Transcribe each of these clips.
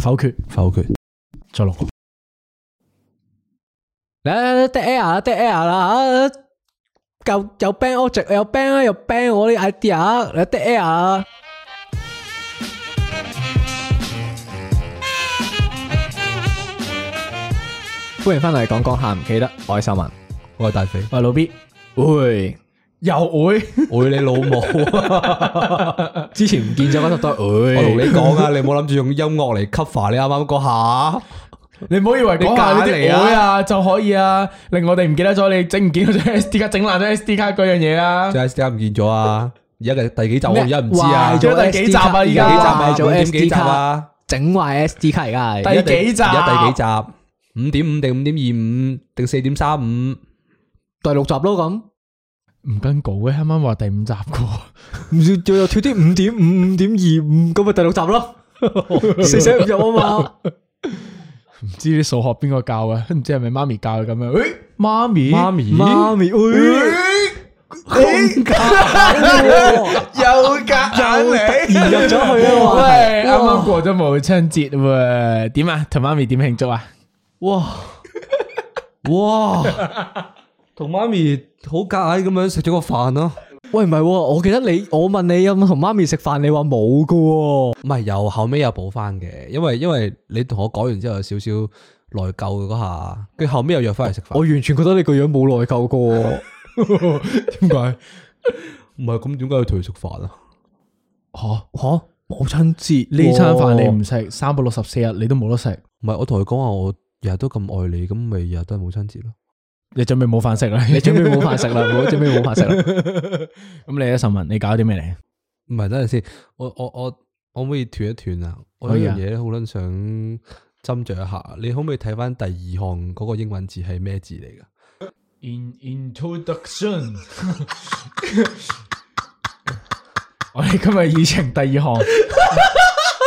否決，否決，再落。嚟，得 air 啦，得 air 啦，有有 bang object，有 bang 啊，有 bang 我啲 idea，嚟得 air。歡迎翻嚟，講講下唔記得，我係秀文，我係大肥，我係老 B。喂又會會你老母，之前唔見咗嗰套都會。我同你講啊，你唔好諗住用音樂嚟 cover 你啱啱嗰下。你唔好以為講下啲會啊就可以啊，令我哋唔記得咗你整唔見咗 SD 卡，整爛咗 SD 卡嗰樣嘢啊！即係 SD 卡唔見咗啊！而家第第幾集我而家唔知啊！壞咗第幾集啊！而家五點幾集啊？整壞 SD 卡而家係第幾集？而家第幾集？五點五定五點二五定四點三五？第六集咯咁。唔跟稿嘅，啱啱話第五集嘅，唔要跳又脫啲五點五五點二五，咁咪第六集咯，四捨五入啊嘛。唔知啲數學邊個教嘅，唔知係咪媽咪教嘅咁樣。喂，媽咪，媽咪，媽咪，喂，又隔又嚟，入咗去啊！係啱啱過咗母親節喎，點啊？同媽咪點慶祝啊？哇哇！同媽咪好介咁樣食咗個飯咯，啊。喂，唔係、哦，我記得你，我問你有冇同媽咪食飯，你話冇噶。唔係，有，後尾有補翻嘅，因為因為你同我講完之後有內，少少內疚嗰下，跟住後尾又約翻嚟食飯。我完全覺得你個樣冇內疚㗎，點解 麼？唔係咁，點解要同佢食飯啊？吓吓，啊啊，母親節呢餐飯你唔食，三百六十四日你都冇得食。唔係，我同佢講話，我日日都咁愛你，咁咪日日都係母親節咯。你準備冇飯食啦！你準備冇飯食啦！我 準備冇飯食啦！咁 你一陣問，你搞啲咩嚟？唔係，等陣先，我我我，我可唔可以斷一斷啊？我有樣嘢好撚想斟酌一下。可啊、你可唔可以睇翻第二項嗰個英文字係咩字嚟噶？Introduction，我哋今日議程第二項。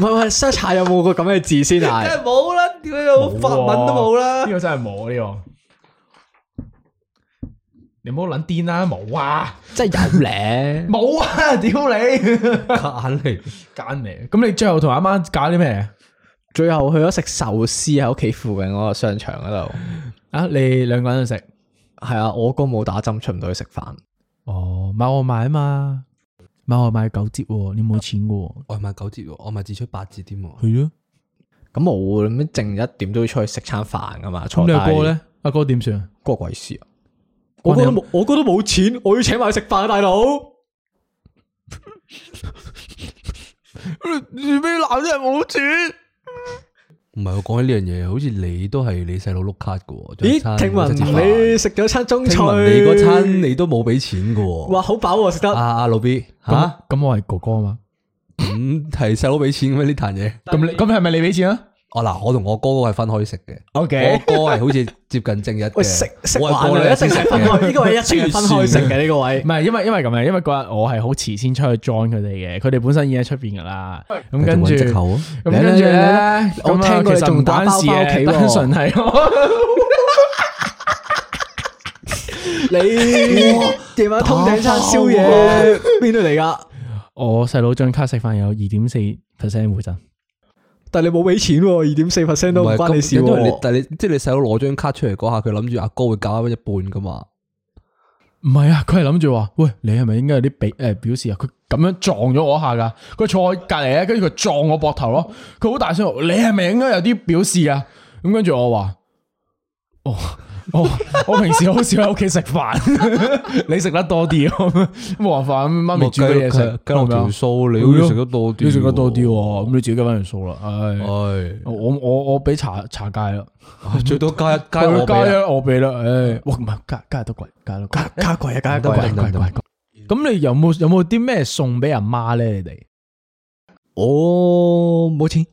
唔係唔係 search 下有冇個咁嘅字先啊！梗係冇啦，屌你老，法文都冇啦！呢、哦這個真係冇呢個，你唔好諗癲啦，冇啊！真係有咧，冇啊！屌你， 硬嚟硬嚟！咁、啊、 你最後同阿媽搞啲咩？最後去咗食壽司喺屋企附近嗰個商場嗰度 啊！你兩個人食係 啊，我哥冇打針，出唔到去食飯。哦，冇我買嘛。買外賣九折，你冇錢嘅。外賣九折，我咪只出八折添。係咯的，咁我咁剩一點都要出去食餐飯噶嘛。咁你阿哥咧？阿哥點算啊？哥鬼事啊！你我哥都冇，我哥都冇錢，我要請埋食飯，大佬。做 咩男人冇錢？唔係我講緊呢樣嘢，好似你都係你細佬碌卡嘅喎。咦？聽聞你食咗餐中菜，你嗰餐你都冇畀錢嘅喎。哇，好飽喎，食得。啊，阿老 B，吓、啊？咁我係哥哥啊嘛，咁係細佬畀錢嘅咩呢壇嘢？咁咁係咪你畀錢啊？哦嗱，我同我哥哥係分開食嘅。O K，我哥係好似接近正日喂，食食飯一食係分開，呢個位一餐分開食嘅呢個位。唔係，因為因為咁啊，因為嗰日我係好遲先出去 join 佢哋嘅，佢哋本身已經喺出邊噶啦。咁跟住，跟住咧，我聽佢仲打包企單純係你夜晚通頂山宵夜邊度嚟噶？我細佬張卡食飯有二點四 percent 回贈。但你冇俾錢喎，二點四 percent 都唔關你事。但你即係你細佬攞張卡出嚟嗰下，佢諗住阿哥會搞一一半噶嘛？唔係啊，佢係諗住話，喂，你係咪應該有啲俾誒表示啊？佢咁樣撞咗我下噶，佢坐喺隔籬啊，跟住佢撞我膊頭咯，佢好大聲，你係咪應該有啲表示啊？咁跟住我話，哦。我我平時好少喺屋企食飯，你食得多啲，冇辦法。媽咪煮嘅嘢食，跟住條數，你要食得多啲。你食得多啲，咁你自己加翻條數啦。唉，我我我俾茶茶芥啦，最多加一加一，我俾啦。唉，唔係加加得多貴，加加加貴啊，加多貴貴。咁你有冇有冇啲咩送俾阿媽咧？你哋哦，冇錢。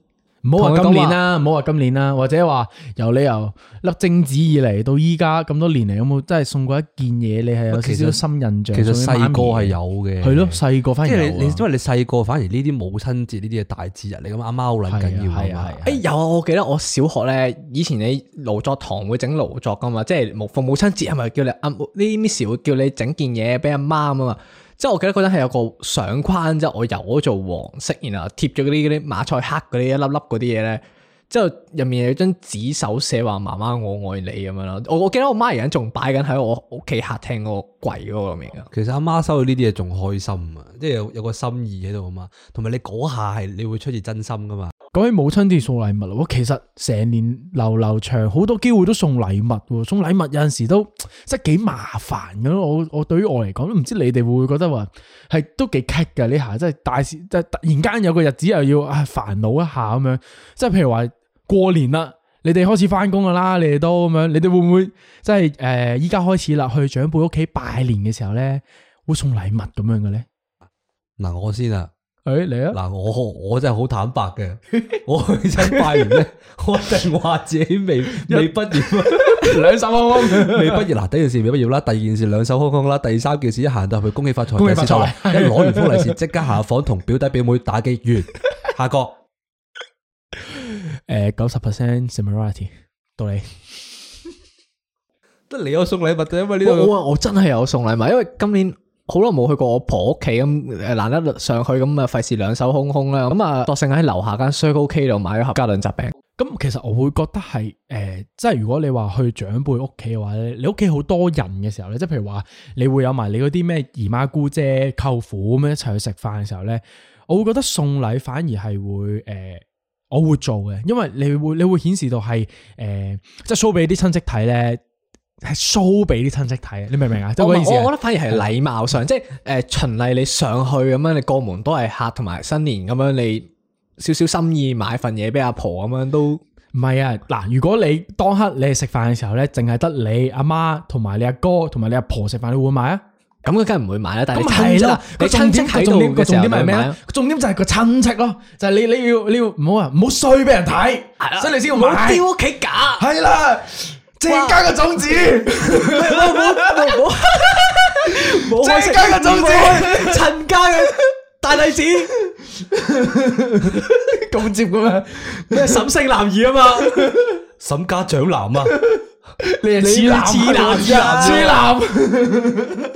唔好話今年啦，唔好話今年啦，或者話由你由粒精子以嚟到依家咁多年嚟，有冇真係送過一件嘢？其實你係有少少深印象媽媽。其實細個係有嘅。係咯，細個反而你，因為你細個反而呢啲母親節呢啲嘢大節日嚟噶嘛，阿媽好緊要啊嘛。哎，有，我記得我小學咧，以前你勞作堂會整勞作噶嘛，即係父母親節係咪叫你阿呢啲 miss 會叫你整件嘢俾阿媽咁嘛？即係我記得嗰陣係有個相框，即係我油咗做黃色，然後貼咗嗰啲嗰啲馬賽克嗰啲一粒粒嗰啲嘢咧。之後入面有張紙手寫話媽媽我愛你咁樣咯。我我記得我媽而家仲擺緊喺我屋企客廳個櫃嗰個入面噶。其實阿媽收到呢啲嘢仲開心啊，即係有有個心意喺度啊嘛。同埋你嗰下係你會出自真心噶嘛。講起母親節送禮物，我其實成年流流長，好多機會都送禮物。送禮物有陣時都真係幾麻煩嘅咯。我我對於我嚟講，都唔知你哋會唔會覺得話係都幾棘嘅。你吓真係大事，即係突然間有個日子又要啊煩惱一下咁樣。即係譬如話過年啦，你哋開始翻工噶啦，你哋都咁樣。你哋會唔會即係誒？依、呃、家開始啦，去長輩屋企拜年嘅時候咧，會送禮物咁樣嘅咧？嗱，我先啦。誒，嚟啊、哎！嗱，我我真係好坦白嘅，我去親拜年咧，我淨係話自己未未畢業，兩手空空，未畢業。嗱一，第一件事未畢業啦，第二件事兩手空空啦，第三件事一行就去恭喜發財，恭喜發財！一攞完封利是，即刻下房同表弟表妹打機完， 下個。誒、uh，九十 percent similarity，到你。得你有，有送禮物，就因為呢個我真係有送禮物，因為今年。好耐冇去過我婆屋企咁，難得上去咁啊，費事兩手空空啦。咁啊，索性喺樓下間 Circle K 度買咗盒嘉頓雜餅。咁其實我會覺得係誒、呃，即係如果你話去長輩屋企嘅話咧，你屋企好多人嘅時候咧，即係譬如話你會有埋你嗰啲咩姨媽姑姐舅父咁樣一齊去食飯嘅時候咧，我會覺得送禮反而係會誒、呃，我會做嘅，因為你會你會顯示到係誒、呃，即係 show 俾啲親戚睇咧。係 show 俾啲親戚睇，你明唔明啊？即係我意思，我，覺得反而係禮貌上，即係誒，循例，你上去咁樣，你過門都係客，同埋新年咁樣，你少少心意買份嘢俾阿婆咁樣都唔係啊。嗱，如果你當刻你係食飯嘅時候咧，淨係得你阿媽同埋你阿哥同埋你阿婆食飯，你會買啊？咁佢梗係唔會買啦。但係啦，個親戚睇喺度嘅重點係咩啊？重點就係個親戚咯，就係你你要你要唔好啊，唔好衰俾人睇，所以你先要買。丟屋企架。係啦。鄭家嘅種子，老冇冇冇，鄭 家嘅種子，陳 家嘅大弟子，咁 接嘅咩？你係沈姓男兒啊嘛？沈家長男啊？你係痴男痴男啊？唔係、啊，即係、啊男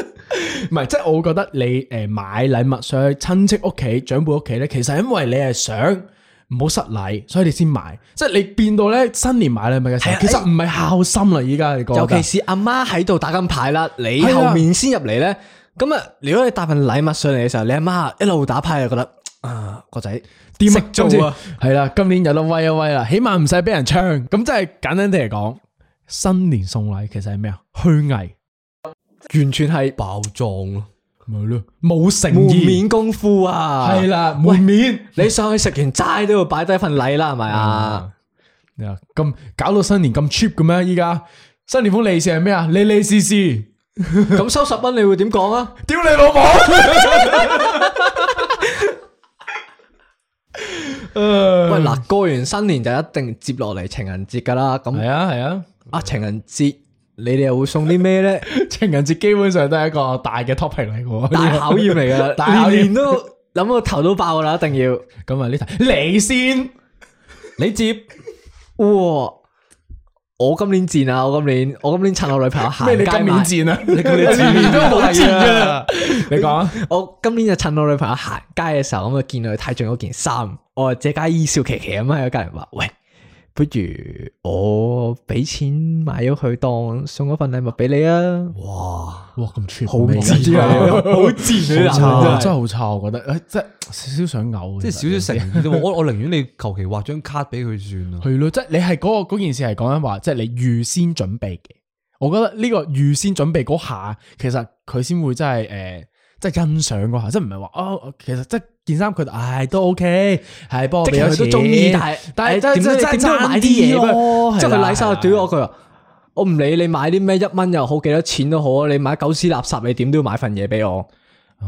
啊 就是、我覺得你誒買禮物上去親戚屋企、長輩屋企咧，其實因為你係想。唔好失禮，所以你先買，即係你變到咧新年買禮物嘅時候，的其實唔係孝心啦，依家、哎、你講，尤其是阿媽喺度打緊牌啦，你後面先入嚟咧，咁啊的，如果你帶份禮物上嚟嘅時候，你阿媽一路打牌就覺得、呃、得啊，個仔點乜做啊？係啦，今年有得威一威啦，起碼唔使俾人唱，咁即係簡單啲嚟講，新年送禮其實係咩啊？虛偽，完全係爆裝咯。冇咯，冇誠意，面功夫啊，係啦，門面，你上去食完齋都要擺低份禮啦，係咪啊？啊、嗯，咁、嗯、搞到新年咁 cheap 嘅咩？依家新年風利是係咩 啊？利利是是，咁收十蚊你會點講啊？屌你老母！ 喂，嗱，過完新年就一定接落嚟情人節噶啦，咁係啊係啊，啊，啊、嗯、啊情人節。你哋又會送啲咩咧？情人節基本上都係一個大嘅 topic 嚟㗎，大考驗嚟噶，年年都諗到頭都爆啦，一定要。咁啊呢題，你先，你接，哇、 哦！我今年賤啊，我今年，我今年趁我女朋友行街埋。今年賤啊！你叫你年年都冇賤啊！你講，我今年就趁我女朋友行街嘅 時候，咁啊見到佢睇中嗰件衫，我話借家衣笑騎騎啊嘛，有家人話喂。不如我俾錢買咗佢當送咗份禮物俾你哇啊！哇哇，咁 cheap 好賤啊，好賤 慘真係好差，我覺得誒，即係少少想嘔，即係少少食。我我寧願你求其畫張卡俾佢算啊。係咯，即係你係嗰個件事係講緊話，即係你預先準備嘅。我覺得呢個預先準備嗰下，其實佢先會真係誒。呃即係欣賞過下，即係唔係話哦，其實即係件衫佢，唉都 OK，係幫我俾佢都中意，但係但係真係真係買啲嘢咯，即係佢瀨衫懟我，佢話我唔理你買啲咩一蚊又好，幾多錢都好啊，你買狗屎垃圾你點都要買份嘢俾我，唉，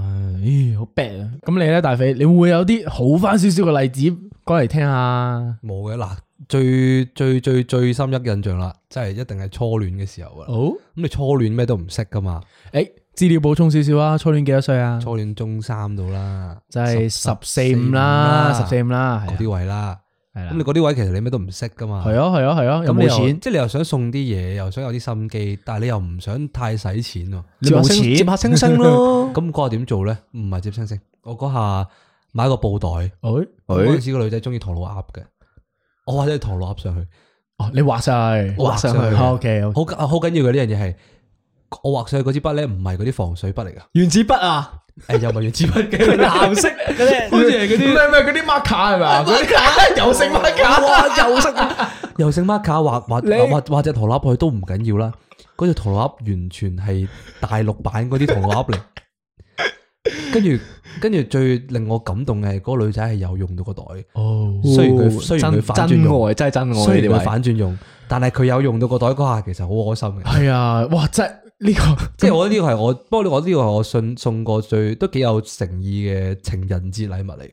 好 bad 啊！咁你咧大肥，你會有啲好翻少少嘅例子講嚟聽下？冇嘅嗱，最最最最深一印象啦，即係一定係初戀嘅時候啊！哦，咁你初戀咩都唔識噶嘛？誒。資料補充少少啊。初戀幾多歲啊？初戀中三度啦，就係十四五啦，十四五啦，嗰啲位啦，係啦。咁你嗰啲位其實你咩都唔識噶嘛？係啊，係啊，係啊。咁冇錢，即係你又想送啲嘢，又想有啲心機，但係你又唔想太使錢咯。接下星星咯，咁嗰下點做咧？唔係接星星，我嗰下買個布袋。嗰陣時個女仔中意唐老鴨嘅，我或者係唐老鴨上去。哦，你畫晒畫上去。O K，好好緊要嘅呢樣嘢係。我畫上去嗰支筆咧，唔係嗰啲防水筆嚟噶，原子筆啊？誒，又唔係原子筆嘅，藍色啲，好似係嗰啲，咩咩嗰啲 marker 係咪？嗰啲油性 marker，油性，油性 marker 畫畫畫畫，隻陀螺佢都唔緊要啦。嗰隻陀螺完全係大陸版嗰啲陀螺嚟，跟住跟住最令我感動嘅嗰個女仔係有用到個袋，雖然佢雖然佢反轉用，真愛真係真愛，雖然佢反轉用，但係佢有用到個袋嗰下，其實好開心嘅。係啊，哇，真。呢、這個即係我呢 個係我，不過我呢個係我信，送過最都幾有誠意嘅情人節禮物嚟。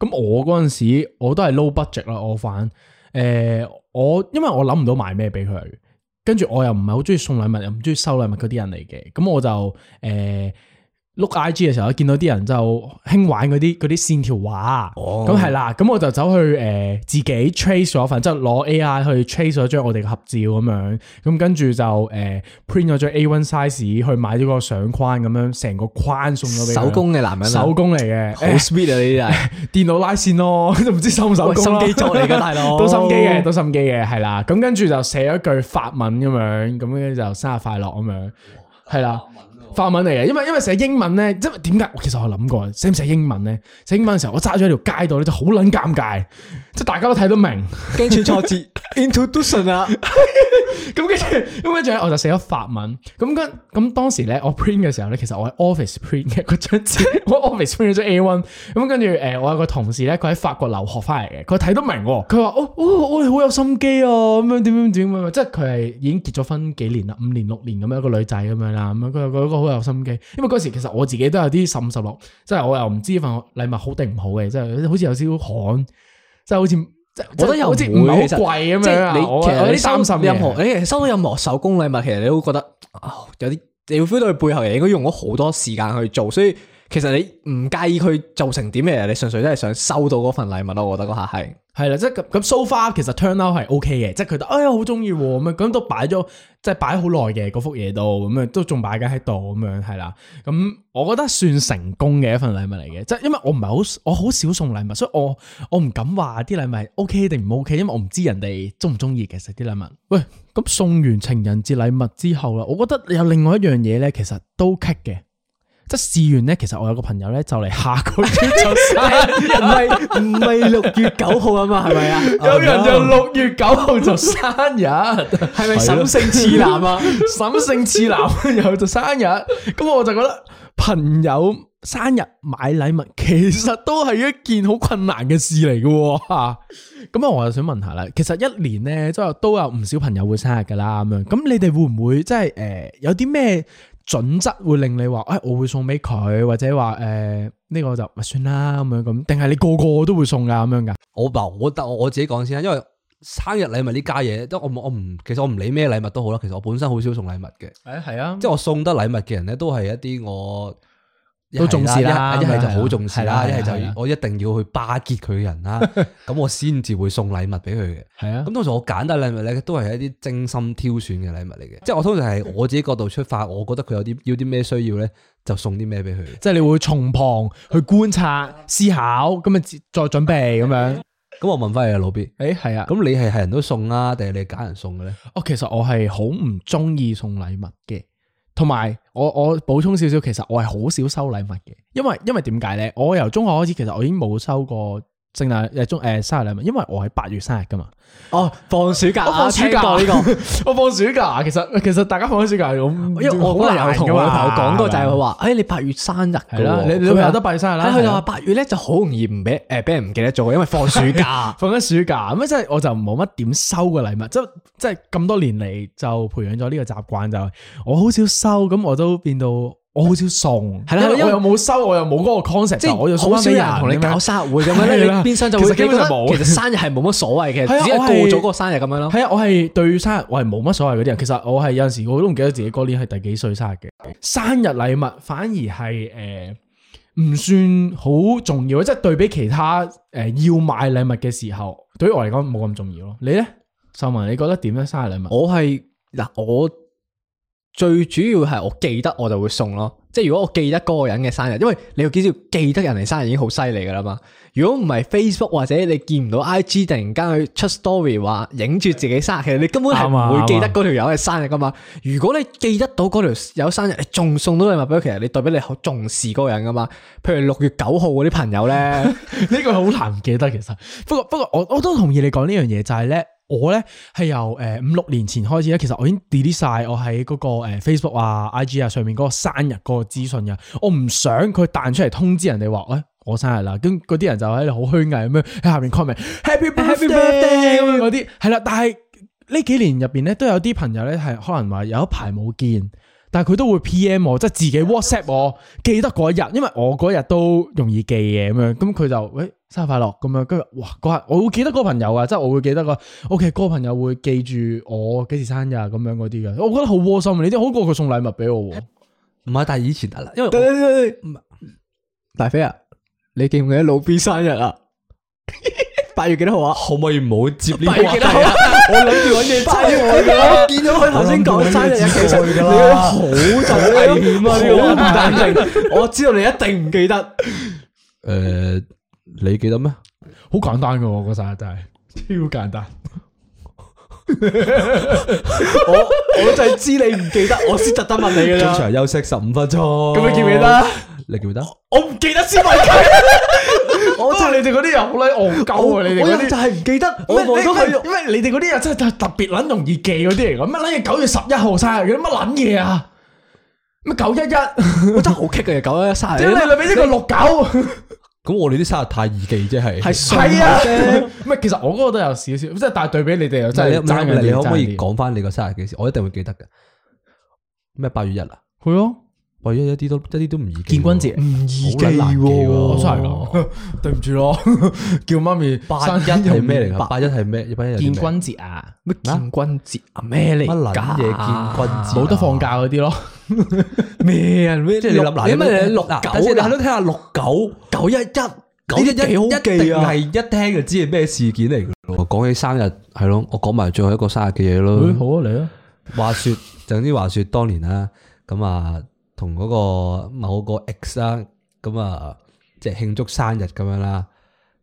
咁我嗰陣時我都係 low budget 啦，我反誒、呃、我因為我諗唔到買咩俾佢，跟住我又唔係好中意送禮物，又唔中意收禮物嗰啲人嚟嘅，咁我就誒。呃 look IG 嘅時候，我見到啲人就興玩嗰啲嗰啲線條畫，咁係啦，咁、嗯、我就走去誒自己 trace 咗份，即係攞 AI 去 trace 咗張我哋嘅合照咁樣，咁跟住就誒 print 咗張 A one size 去買咗個相框咁樣，成個框送咗俾手工嘅男人，手工嚟嘅，好、哎、sweet 啊！呢啲係電腦拉線咯，都唔知手唔手工咯，心機做嚟噶大佬，都心機嘅，都心機嘅，係啦，咁跟住就寫咗句法文咁樣，咁跟住就生日快樂咁樣，係啦。法文嚟嘅，因為因為寫英文咧，即係點解？其實我諗過，寫唔寫英文咧？寫英文嘅時候，我揸咗喺條街度咧就好撚尷尬，即係大家都睇得明著， 跟住錯字 introduction 啊，咁跟住，咁跟住咧我就寫咗法文。咁跟咁當時咧我 print 嘅時候咧，其實我喺 office print 嘅嗰張紙，我 office print 咗 A1。咁跟住誒，我有個同事咧，佢喺法國留學翻嚟嘅，佢睇得明，佢話哦哦，我、哦、哋、哦哎、好有心機啊，咁樣點點點，即係佢係已經結咗婚幾年啦，五年六年咁樣，一個女仔咁樣啦，咁樣佢佢個。好有心機，因為嗰時其實我自己都有啲十五十六，即係我又唔知份禮物好定唔好嘅，即係好似有少少寒，即係好似即係我覺也得好似唔好貴咁樣。你其實你三十任何，你收到任何手工禮物，其實你都會覺得、呃、有啲你會 feel 到佢背後人應該用咗好多時間去做，所以。其實你唔介意佢做成點嘅你純粹都係想收到嗰份禮物，我覺得嗰下係係啦，即係咁咁 so far 其實 turn out 係 O K 嘅，即係佢都哎呀好中意咁，咁都擺咗即係擺好耐嘅嗰幅嘢度，咁樣都仲擺緊喺度咁樣係啦，咁我覺得算成功嘅一份禮物嚟嘅，即係因為我唔係好我好少送禮物，所以我我唔敢話啲禮物係 O K 定唔 O K，因為我唔知人哋中唔中意其實啲禮物。喂，咁送完情人節禮物之後啦，我覺得有另外一樣嘢咧，其實都棘嘅。即試完咧，其實我有個朋友咧，就嚟下個月就生日，唔係唔係六月九號啊嘛，係咪啊？Oh, no. 有人就六月九號就生日，係咪沈姓次男啊？沈姓 次男有就生日，咁 我就覺得朋友生日買禮物，其實都係一件好困難嘅事嚟嘅，哦。咁啊，我又想問下啦，其實一年咧都有都有唔少朋友會生日噶啦，咁樣，咁你哋會唔會即係誒有啲咩？準則會令你話，誒、哎，我會送俾佢，或者話，誒、呃，呢、這個就咪算啦咁樣咁。定係你個個都會送㗎咁樣㗎？我唔，我得我自己講先，因為生日禮物呢家嘢，都我我唔，其實我唔理咩禮物都好啦。其實我本身好少送禮物嘅，係、哎、啊，係啊，即係我送得禮物嘅人咧，都係一啲我。都重視啦，一係就好重視啦，一係就我一定要去巴結佢嘅人啦，咁 我先至會送禮物俾佢嘅。係啊的，咁當時我揀嘅禮物咧都係一啲精心挑選嘅禮物嚟嘅，的即係我通常係我自己角度出發，我覺得佢有啲要啲咩需要咧，就送啲咩俾佢。即係你會從旁去觀察、思考，咁啊再準備咁樣。咁我問翻你啊，老 B，誒係啊，咁你係係人都送啦，定係你揀人送嘅咧？哦，其實我係好唔中意送禮物嘅。同埋，我我補充少少，其實我係好少收禮物嘅，因為因為點解咧？我由中學開始，其實我已經冇收過。聖誕誒中誒生日禮物，因為我喺八月生日㗎嘛。哦，放暑假，我放暑假呢個，我放暑假。其實其實大家放暑假，咁。因為我我有同我朋友講過，就係佢話，誒，你八月生日，係啦，你女朋友都八月生日啦。佢就話八月咧，就好容易唔俾誒俾人唔記得做，因為放暑假，放緊暑假咁即係我就冇乜點收個禮物，即即係咁多年嚟，就培養咗呢個習慣，就我好少收，咁我都變到。我好少送，係啦的，因為我又冇收，為收，我又冇嗰個 concept，即係是我有收翻俾人同你搞生日會咁樣咧，變相的就會覺得其實，基本上其實生日係冇乜所謂嘅，的只係過咗嗰個生日咁樣咯。係啊，我係對生日我係冇乜所謂嗰啲人，其實我係有陣時我都唔記得自己嗰年係第幾歲生日嘅。生日禮物反而係誒唔算好重要，即、就、係、是、對比其他誒、呃、要買禮物嘅時候，對於我嚟講冇咁重要咯。你咧秀文，你覺得點樣生日禮物？我係嗱、啊、我。最主要係我記得我就會送咯，即係如果我記得嗰個人嘅生日，因為你要記住記得人哋生日已經好犀利噶啦嘛。如果唔係 Facebook 或者你見唔到 IG，突然間去出 story 話影住自己生日，其實你根本係唔會記得嗰條友嘅生日噶嘛。如果你記得到嗰條友生日，你仲送到禮物俾佢，其實你代表你好重視嗰個人噶嘛。譬如六月九號嗰啲朋友咧，呢個好難記得其實。不過不過我我都同意你講呢樣嘢，就係咧。我咧係由誒五六年前開始咧，其實我已經 delete 晒我喺嗰個誒 Facebook 啊、IG 啊上面嗰個生日嗰個資訊嘅。我唔想佢彈出嚟通知人哋話，喂，我生日啦。咁嗰啲人就喺度好虛偽咁樣喺下面 comment，Happy Birthday 咁樣嗰啲係啦。但係呢幾年入邊咧，都有啲朋友咧係可能話有一排冇見，但係佢都會 PM 我，即係自己 WhatsApp 我，記得嗰日，因為我嗰日都容易記嘢咁樣，咁佢就喂。生日快樂咁樣，跟住哇日我會記得嗰個朋友啊，即係我會記得個，OK 嗰個朋友會記住我幾時生日啊，咁樣嗰啲噶，我覺得好窩心啊！呢啲好過佢送禮物俾我，唔係但係以前得啦，因為大飛啊，你記唔記得老 B 生日啊？八月幾多號啊？可唔可以唔好接呢個？我諗住搵嘢真我我見到佢頭先講生日，嘢，其實好危險啊！呢個唔淡定，我知道你一定唔記得。誒。你記得咩？好簡單噶，我個生日真係超簡單。我我就係知你唔記得，我先特登問你噶啦。中場休息十五分鐘，咁你記唔記得？你記唔記得？我唔記得先問佢。我真係你哋嗰啲人好鬼戇鳩啊！你哋嗰啲就係唔記得。咩？因為因為你哋嗰啲人真係特別捻容易記嗰啲嚟噶。乜捻嘢？九月十一號生日，有啲乜捻嘢啊？乜九一一？我真係好激噶，九一一生日。點解你俾一個六九？咁我哋啲生日太易記了，即係，係啊，唔係其實我嗰個都有少少，即係但係對比你哋又 真係你可唔可以講翻你個生日幾時？ 我一定會記得嘅。咩八月一啊？係啊。喂，一一啲都一啲都唔易。建軍節唔易記，真係，對唔住咯。叫媽咪八一係咩嚟？八一係咩？八一建軍節啊？乜建軍節啊？咩嚟？乜嘢建軍節？冇得放假嗰啲咯。咩？咩？即係你諗，咩嚟？六九，大家都聽下六九九一一九一一幾好記啊？係一聽就知係咩事件嚟嘅咯。講起生日，係咯，我講埋最後一個生日嘅嘢咯。好啊，嚟啊！話說，總之話說當年啦，咁啊。同嗰個某個 X 啦，咁啊，即係慶祝生日咁樣啦，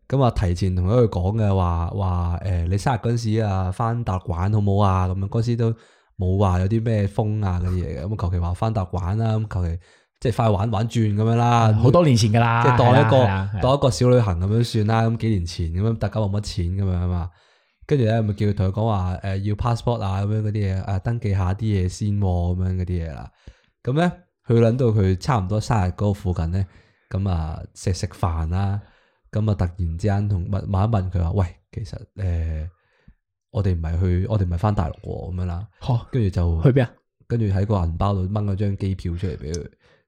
咁啊提前同佢講嘅話話誒、欸，你生日嗰陣時啊，返大陸玩好唔好啊？咁啊嗰時都冇話有啲咩風啊嘅嘢嘅，咁求其話返大陸玩啦，咁求其即係快玩玩轉咁樣啦，好、嗯、多年前㗎啦，即係當一個、啊啊、當一個小旅行咁樣算啦，咁幾年前咁樣大家冇乜錢咁樣啊嘛，跟住咧咪叫佢同佢講話誒要 passport 啊咁樣嗰啲嘢，啊登記下啲嘢先咁、啊、樣嗰啲嘢啦，咁咧。佢諗到佢差唔多生日嗰個附近咧，咁啊食食飯啦，咁啊突然之間同問問一問佢話：喂，其實誒、呃，我哋唔係去，我哋唔係翻大陸喎，咁樣啦。嚇！跟住就去邊啊？跟住喺個銀包度掹咗張機票出嚟俾佢。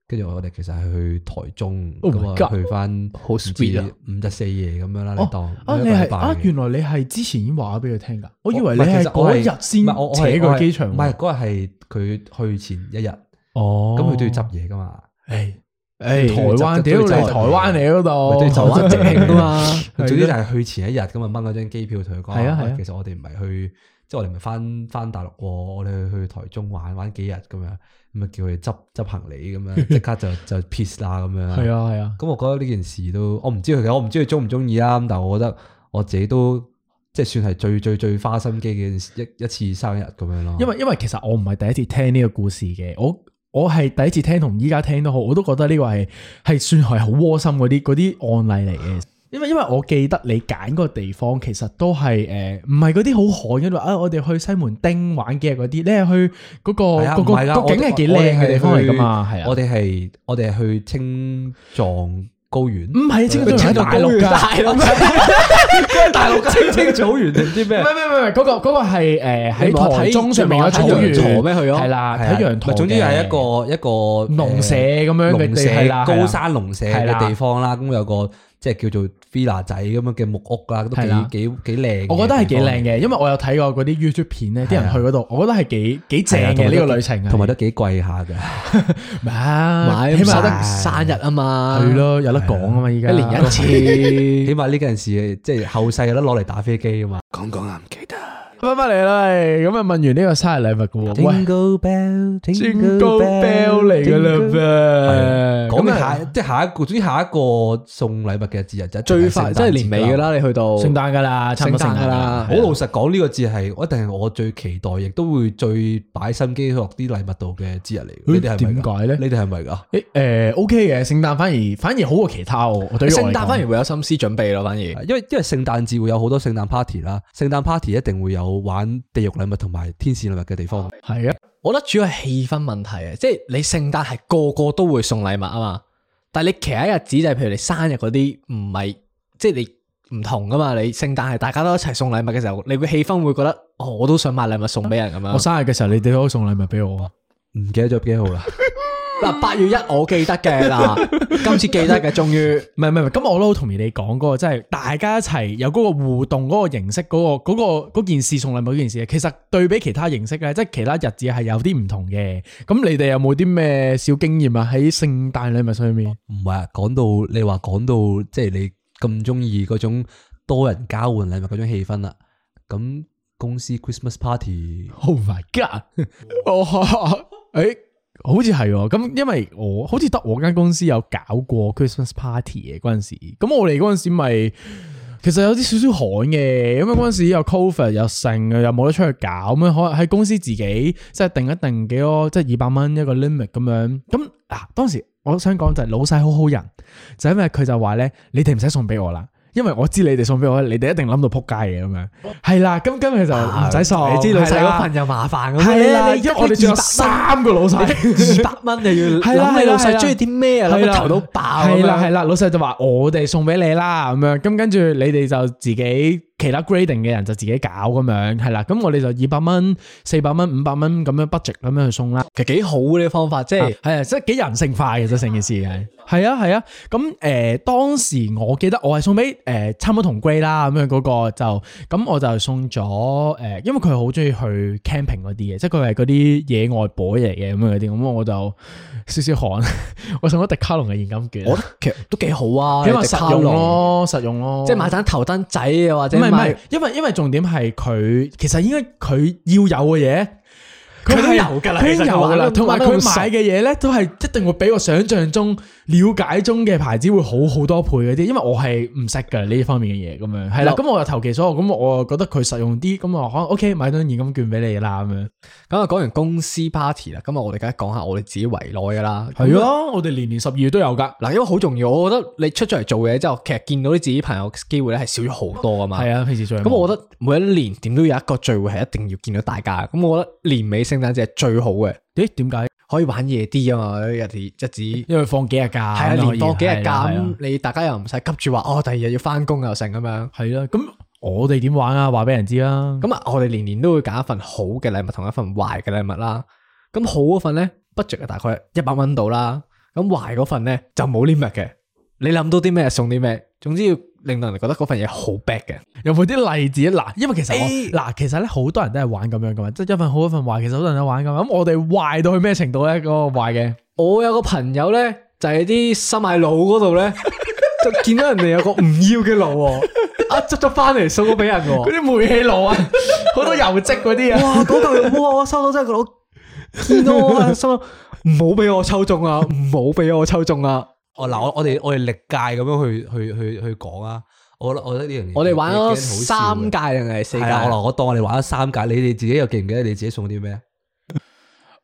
跟住我哋其實係去台中，咁啊、oh、去翻回好 sweet 啊五日四夜咁樣啦。Oh、你當啊你係啊，原來你係之前已經話咗俾佢聽㗎。哦、我以為你係嗰日先我扯佢機場、啊。唔係嗰日，係佢去前一日。哦，咁佢都要執嘢噶嘛？誒誒、哎哎，台灣屌你，台灣嚟嗰度，台灣即興噶嘛？總之就係去前一日咁啊，掹咗張機票，同佢講，係啊係啊，其實我哋唔係去，即係我哋唔係翻翻大陸喎，我哋去去台中玩玩幾日咁樣，咁啊叫佢執執行李咁樣，即刻就就 peace 啦咁樣。係啊係啊，咁我覺得呢件事都，我唔知佢，嘅，我唔知佢中唔中意啦。咁但係我覺得我自己都即係算係最，最最最花心機嘅一一次生日咁樣咯。因為因為其實我唔係第一次聽呢個故事嘅，我、oh?。我係第一次聽同依家聽都好，我都覺得呢個係係算係好窩心嗰啲啲案例嚟嘅。因為因為我記得你揀嗰個地方，其實都係誒唔係嗰啲好寒嗰度啊！我哋去西門町玩幾日嗰啲，你係去嗰，嗰個，啊嗰個個景係幾靚嘅地方嚟噶嘛？係啊，我哋係我哋去青藏，高原？唔係，青青喺度大路街，大路街青青草原定唔知咩？唔係唔係唔係，嗰個嗰個係誒喺台中上面有草原咩？去咯，係啦喺陽台。總之係一個一個農舍咁樣嘅地，高山農舍嘅地方啦。咁有個。即係叫做 villa 仔咁樣嘅木屋啊，都幾幾幾靚。我覺得係幾靚嘅，因為我有睇過嗰啲 YouTube 片咧，啲人去嗰度，我覺得係幾幾正嘅呢個旅程。啊，同埋都幾貴下嘅，買起碼得生日啊嘛。去咯，有得講啊嘛，依家一年一次，起碼呢件事即係後世有得攞嚟打飛機啊嘛。講講啊，唔記得。翻翻嚟啦，咁啊問完呢個生日禮物嘅，喂，jingle bell jingle bell 來噶啦，咁下即係下一個，總之下一個送禮物嘅節日就係最快，即係年尾噶啦，你去到聖誕噶啦，聖誕噶啦，好老實講，呢個節係一定係我最期待，亦都會最擺心機落啲禮物度嘅節日嚟。你哋係點解咧？你哋係咪噶？誒，誒，OK 嘅，聖誕反而反而好過其他，聖誕反而會有心思準備咯，反而，因為因為聖誕節會有好多聖誕 party 啦，聖誕 party 一定會有。玩地獄禮物同埋天使禮物嘅地方係啊，我覺得主要係氣氛問題啊，即係你聖誕係個個都會送禮物啊嘛，但係你其他日子就係譬如你生日嗰啲，唔係即係你唔同噶嘛，你聖誕係大家都一齊送禮物嘅時候，你會氣氛會覺得、哦、我都想買禮物送俾人咁樣。我生日嘅時候、嗯、你哋都送禮物俾我啊？唔記得咗幾號啦。 嗱八月一我記得嘅嗱 今次記得嘅終於唔係唔係，咁我都好同意你講嗰個即係大家一齊有嗰個互動嗰、嗰個形式，嗰、嗰個個件事，從來冇件事其實對比其他形式咧，即係其他日子係有啲唔同嘅。咁你哋有冇啲咩小經驗啊，喺聖誕禮物上面，唔係啊講到你話講到即係、即係、你咁中意嗰種多人交換禮物嗰種氣氛啦，咁公司 Christmas party Oh my God 哦誒！ 哎好似係咁，因為我好似得我間公司有搞過 Christmas party 嘅嗰陣時，咁我哋嗰陣時咪其實有啲少少寒嘅，因為嗰陣時又 covid 又剩，又冇得出去搞咁樣，可能喺公司自己即係、就是、定一定幾多，即係二百蚊一個 limit 咁樣。咁嗱、啊，當時我想講就係老細好好人，就是、因為佢就話咧，你哋唔使送俾我啦。因為我知你哋送俾我，你哋一定諗到扑街嘅咁樣。係啦，咁今日就唔使送，你，知老細嗰份又麻煩。係啊，因我哋仲有三個老細，二百蚊就要。係啦，你老細中意啲咩啊？諗到頭都爆咁樣。係啦，老細就話我哋送俾你啦，咁樣。咁跟住你哋就自己。其他 grading 嘅人就自己搞咁樣，係啦，咁我哋就二百蚊、四百蚊、五百蚊咁樣 budget 咁樣去送啦。其實幾好呢啲方法，即係係啊，即係幾人性化嘅啫成件事嘅。係啊，係啊。咁誒、呃、當時我記得我係送俾誒、呃、差唔多同 grade 啦咁樣嗰個就咁我就送咗誒、呃，因為佢好中意去 camping 嗰啲嘢，即係佢係嗰啲野外 boy 嚟嘅咁樣嗰啲，咁我就少少汗。 我送咗迪卡龍嘅現金券。我覺得其實都幾好啊，起碼實用咯、啊，實用咯、啊，即係買盞頭燈仔啊，或者。唔係，因為因為重點係佢其實應該佢要有嘅嘢，佢都有㗎喇，佢都有啦，同埋佢買嘅嘢咧都係一定會畀我想像中，了解中嘅牌子會好好多倍嗰啲，因為我係唔識嘅呢方面嘅嘢咁樣，係啦。咁、嗯、我又投其所好，咁我又覺得佢實用啲，咁啊可能 OK 買張現金券俾你啦咁樣。咁啊講完公司 party 啦，今日我哋梗係講下我哋自己圍內噶啦。係咯的，那我哋年年十二月都有噶。嗱，因為好重要，我覺得你出咗嚟做嘢之後，其實見到你自己朋友機會咧係少咗好多啊、哦、嘛。係啊，平時再咁，我覺得每一年點都有一個聚會係一定要見到大家。咁我覺得年尾聖誕節係最好嘅。咦？點解？可以玩夜啲啊嘛，日日日子，因為放幾日假，係 啊，連放幾日假，你 大家又唔使急住話，哦，第二日要翻工又成咁樣，係咯，咁我哋點玩啊？話俾人知啦，咁啊，我哋年年都會揀一份好嘅禮物同一份壞嘅禮物啦，咁好嗰份咧 budget 啊，大概一百蚊到啦，咁壞嗰份咧就冇 limit 嘅，你諗到啲咩送啲咩，總之要。令到人覺得嗰份嘢好 bad 嘅，有冇啲例子嗱，因為其實我嗱，A. 其實咧好多人都係玩咁樣噶嘛，即係一份好一份壞，其實好多人都玩噶嘛。咁我哋壞到去咩程度咧？嗰、嗰個壞嘅，我有個朋友咧就喺啲收買佬嗰度咧， 就見到人哋有個唔要嘅爐，一執咗翻嚟送咗俾人噶，嗰啲煤氣爐啊，好、 啊、多油漬嗰啲啊。哇，嗰嚿嘢我我收到真係佬，見到我收到，唔好俾我抽中啊，唔好俾我抽中啊！哦，嗱，我我哋我哋歷屆咁樣去去去去講啊，我我覺得呢樣嘢，我哋玩咗三屆定係四屆，我嗱我當我哋玩咗三屆，你哋自己又記唔記得你自己送咗啲咩？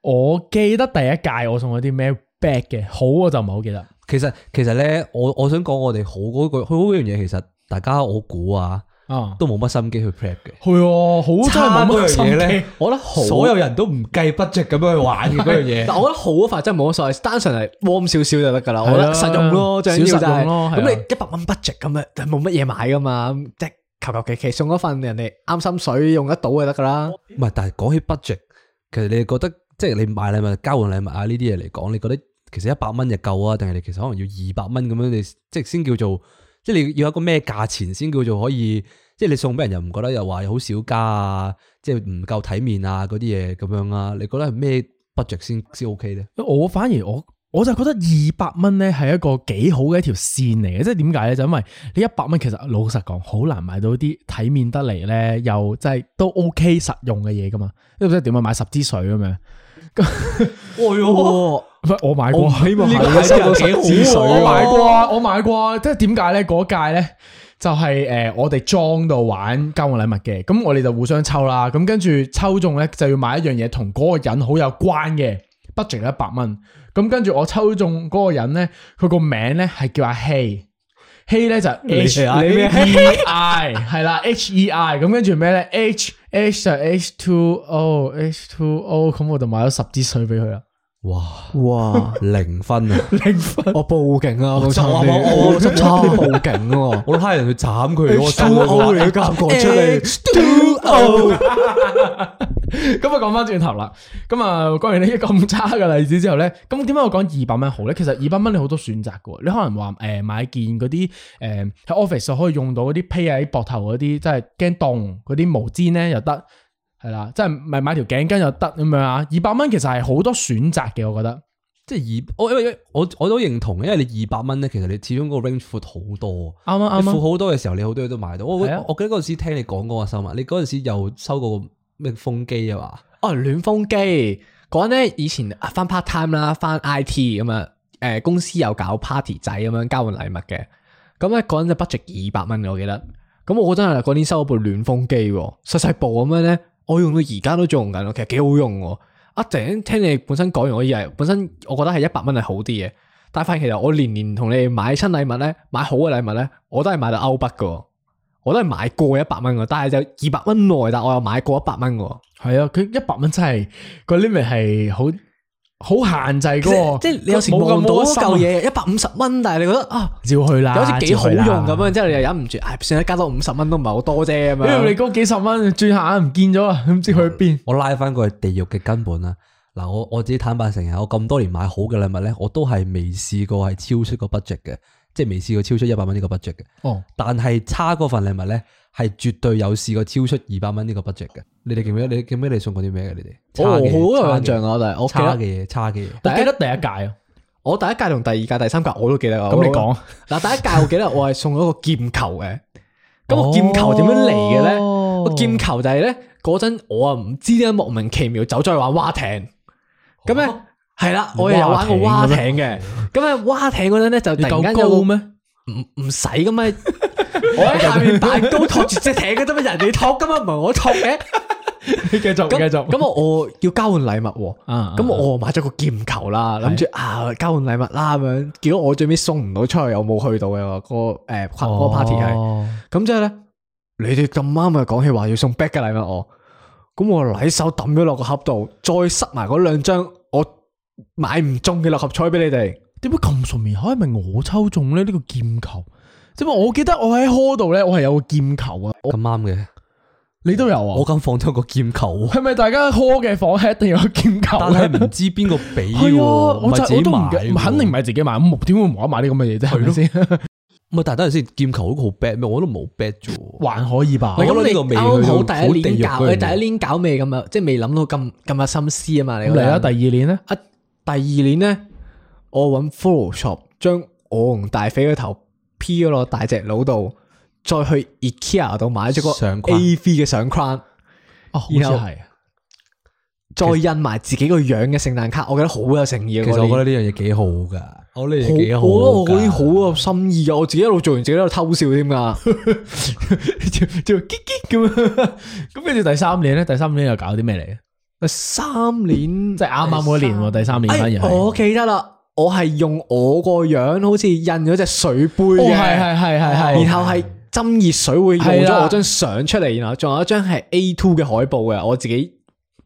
我記得第一屆我送咗啲咩 back 嘅，好我就唔係好記得。其實其實咧，我我想講我哋好嗰句，好嗰樣嘢，其實大家我估啊。啊，都冇乜心機去 prep 嘅，係，好真係冇乜心機，我覺得所有人都唔計 budget 咁樣去玩嘅嗰樣嘢。但我覺得好快真係冇乜所謂，單純係 warm 少少，少就得 我覺得噶啦，實用咯，最緊要就係，咁你一百蚊 budget 咁樣，就冇乜嘢買噶嘛，即係求求其其送一份人哋啱心水用得到就得噶啦。唔係，但係講起 budget，其實你覺得，即係你買禮物、交換禮物啊呢啲嘢嚟講，你覺得其實一百蚊就夠啊？定係你其實可能要二百蚊咁樣，你即係先叫做？即係你要有一個咩價錢先叫做可以，即係你送俾人又唔覺得又話好少加啊，即係唔夠體面啊嗰啲嘢咁樣啊？你覺得係咩 budget 先先 OK 咧？我反而我我就覺得二百蚊咧係一個幾好嘅一條線嚟嘅，即係點解咧？就因為你一百蚊其實老實講好難買到啲體面得嚟咧，又即係都 OK 實用嘅嘢噶嘛，因為點解買十支水咁樣？我有，唔、 哎、呦我買過呢我這個對真係幾好，啊。我買， 我買過，我買過，即係點解咧？嗰屆咧就係誒，我哋裝到玩交換禮物嘅，咁我哋就互相抽啦。咁跟住抽中咧就要買一樣嘢，同嗰個人好有關嘅，budget 一百蚊。咁跟住我抽中嗰個人咧，佢個名咧係叫阿希。H 咧就係 H E He I 係啦，H E I 咁跟住咩呢？H H 就係 H two O H two O，咁我就買咗十支水俾佢啦。哇哇零分啊！ 零分，我報警啊！我差唔多我差啲報警啊！我都拉人去斬佢，我抄佢夾角出嚟。咁啊，講翻轉頭啦，咁 H 2 啊，關於呢啲咁差嘅例子之後咧，咁點解我講二百蚊好咧？其實二百蚊你好多選擇噶，你可能話誒、呃、買件嗰啲誒喺 office 可以用到嗰啲披喺膊頭嗰啲，即係驚凍嗰啲毛氈咧又得。係啦，即係咪買條頸巾就得咁樣啊？二百蚊其實係好多選擇嘅，我覺得，即係二，我我都認同，因為你二百蚊咧，其實你始終個 range 闊好多，啱啊，啱啊，闊好多嘅時候你好多嘢都買到。我、啊、我記得嗰陣時聽你講嗰個收物，你嗰陣時又收過咩風機啊嘛？哦，暖風機，嗰陣咧以前翻 part time 啦，翻 I T 咁啊，誒公司有搞 party 仔咁樣交換禮物嘅，咁咧嗰陣就 budget 二百蚊我記得，咁我真係嗰年收咗部暖風機，細細部咁樣咧。我用到而家都仲用緊，其實幾好用喎。阿、啊、頂，聽你本身講完，我以為本身，我覺得係一百蚊係好啲嘅。但係發現其實我年年同你買新禮物咧，買好嘅禮物咧，我都係買到歐北嘅，我都係買過一百蚊嘅。但係就二百蚊內，但我又買過一百蚊嘅。係啊，佢一百蚊真係個 limit 係好。好限制噶，實即係你有時望到一嚿嘢，一百五十蚊，元但係你覺得啊，照去啦，好似幾好用咁樣，之後你又忍唔住，唉，算啦，加多五十蚊都唔係好多啫，咁樣。哎呀，你嗰幾十蚊轉下眼唔見咗啦，唔知去邊。我拉翻句地獄嘅根本啦，嗱，我我自己坦白承認，我咁多年買好嘅禮物咧，我都係未試過係超出個 budget 嘅。即係未試過超出一百蚊呢個 budget 嘅，但係差嗰份禮物咧，係絕對有試過超出二百蚊呢個 budget 嘅。你哋記唔記得？你記唔記得？你送過啲咩嘅？你哋好有印象啊！我記得嘅嘢，差嘅嘢。但係記得第一屆啊，我第一屆同第二屆，第三屆我都記得啊。咁你講嗱，第一屆我記得我係送咗個劍球嘅。咁個劍球點樣嚟嘅咧？個劍球就係咧嗰陣我啊唔知點解莫名其妙走咗去玩蛙艇，咁咧。係啦，我又有玩個蛙艇嘅，咁啊蛙艇嗰陣咧就夠高咩唔唔使咁咩？ 我喺下面蛋糕托住隻艇嘅啫嘛，人哋托，今日唔係我托嘅。繼續繼續，咁我要交換禮物，咁、啊、我買咗個劍球啦，諗住啊，算的啊交換禮物啦咁樣，結果我最尾送唔到出去，有冇去到嘅、那個誒群哥 party 係，咁即係咧，你哋咁啱啊講起話要送 back 嘅禮物我，咁我喺手抌咗落個盒度，再塞埋嗰兩張。買唔中嘅六合彩俾你哋，點解咁順便？可係咪我抽中咧？呢個劍球，即係我記得我喺 hall 度咧？我係有個劍球啊！咁啱嘅，你都有啊？我咁放咗個劍球，係咪大家 hall 嘅房係，一定有劍球？但係唔知邊個俾，係啊，我我都買，肯定唔係自己買，咁點會冇得買呢咁嘅嘢啫？係咪先？唔係，但係等陣先，劍球個好 bad 咩？我都冇 bad 啫，還可以吧？我咁你啱好第一年搞，你第一年搞未咁啊？即係未諗到咁咁嘅心思啊嘛？你嚟啦，第二年咧。第二年咧，我搵 Photoshop 將我同大肥嘅頭 P 咗落大隻佬度，再去 IKEA 度買咗個 a v 嘅相，相框，然後實再印埋自己個樣嘅聖誕卡，我覺得好有誠意。其實我覺得呢樣嘢幾好噶我，我呢樣幾好，我覺得我幾好有心意啊！嗯、我自己一路做完自己喺度偷笑添噶，叫叫激激咁樣。咁跟住第三年咧？第三年又搞啲咩嚟？三年即係啱啱嗰年喎，第三年反而係、哎。我記得啦，我係用我個樣，好似印咗隻水杯嘅，係係係係係，然後係斟熱水會用咗我張相出嚟，然後仲有一張係 A2 嘅海報嘅，我自己。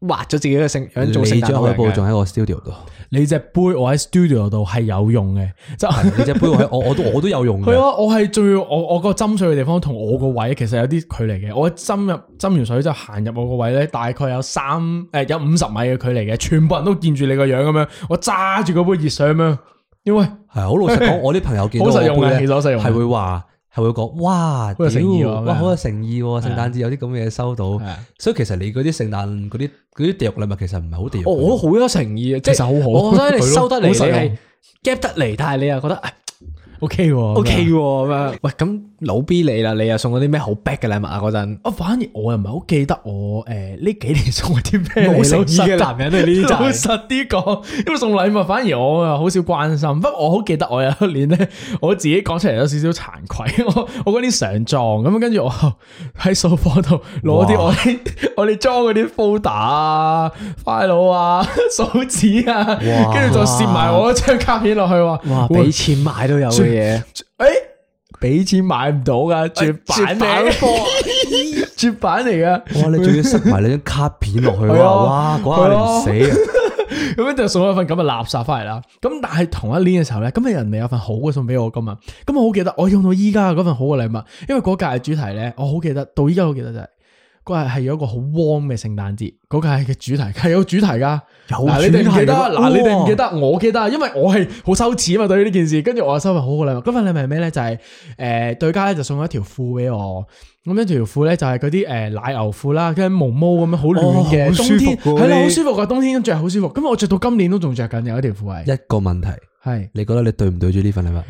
畫咗自己嘅樣，想做性你張海報仲喺我 studio 度。你隻杯我喺 studio 度係有用嘅，即係的 你隻杯我我都我都有用。嘅。係啊，我係最我我個斟水嘅地方同我個位其實有啲距離嘅，我斟入斟完水之後行入我個位咧，大概有三誒、呃、有五十米嘅距離嘅，全部人都見住你個樣咁樣，我揸住嗰杯熱水咁樣，因為係好老實講，我啲朋友見到我杯咧，係會話。係會講哇，點喎，哇好有誠意喎、啊！聖誕節有啲咁嘅嘢收到，係所以其實你嗰啲聖誕嗰啲嗰啲地獄禮物其實唔係好地獄，我都好有誠意啊，即係好好，實好我覺得你收你夾得嚟你係 get 得嚟，但係你又覺得 O K 喎，O K 喎，咁、okay、啊，okay、啊麼喂，咁老 B 你啦，你又送咗啲咩好 bad 嘅禮物啊？嗰陣，哦、啊，反而我又唔係好記得我誒呢、呃、幾年送咗啲咩，誠意嘅男人係呢啲，就是、老實啲講，因為送禮物反而我又好少關心。不過我好記得我有一年咧，我自己講出嚟有少少慚愧， 我我嗰啲上莊咁跟住我喺掃貨度攞啲我我哋裝嗰啲 folder 啊、file 啊、梳子啊，跟住哇就攝埋我一張卡片落去，話哇俾錢買都有。最 嘢，誒、欸，俾錢買唔到噶，絕版貨，絕版嚟噶， 絕版哇！你仲要塞埋你張卡片落去 哇，嗰下 你唔死啊！咁樣 就送咗一份咁嘅垃圾翻嚟啦。咁 但係同一年嘅時候咧，咁你 人哋有份好嘅送俾我噶嘛。咁我好記得，我用到依家嗰份好嘅禮物，因為嗰屆嘅主題咧，我好記得，到依家好記得就係、是。嗰係係有一個好 warm 嘅聖誕節，嗰、嗰個係嘅主題係有主題噶，有、啊、你哋唔記得嗱，哦、你哋唔記得我記得，因為我係好羞恥啊嘛，對於呢件事，跟住我收份好嘅禮物，嗰份禮物係咩咧？就係誒對家咧就送咗一條褲俾我，咁一條褲咧就係嗰啲誒奶牛褲啦，跟毛毛咁樣好暖嘅，冬天係啦，好舒服噶，冬天咁着好舒服。咁我着到今年都仲着緊有一條褲係。一個問題係是你覺得你對唔對住呢份禮物？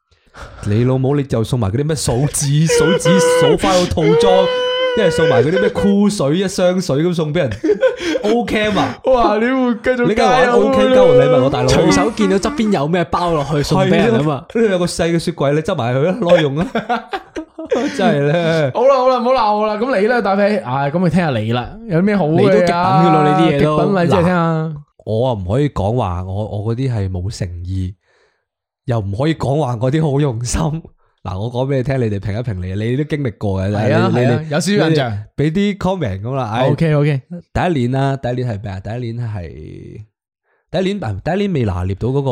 你老母你就送埋嗰啲咩手指、手指、 手花嘅套裝？ 一係送埋嗰啲咩箍水一箱水咁送俾人，OK 嘛？哇！你會繼續你而家玩 OK 交換禮物，我大佬隨手見到側邊有咩包落去送俾人啊嘛？呢度有個細嘅雪櫃，你執埋佢啦，攞嚟用啦。真係咧，好啦好啦，唔好鬧我啦。咁你咧，大肥，唉，咁咪聽下你啦。有咩好？你都極品噶啦，你啲嘢都。極品嚟，即係聽下。我啊，唔可以講話，我我嗰啲係冇誠意，又唔可以講話嗰啲好用心。嗱，我講俾你聽，你哋評一評你，你都經歷過嘅。係啊，係有少少印象。俾啲 comment 咁啦。OK，OK。第一年啦，第一年係咩啊？第一年係第一年，第一年未拿捏到嗰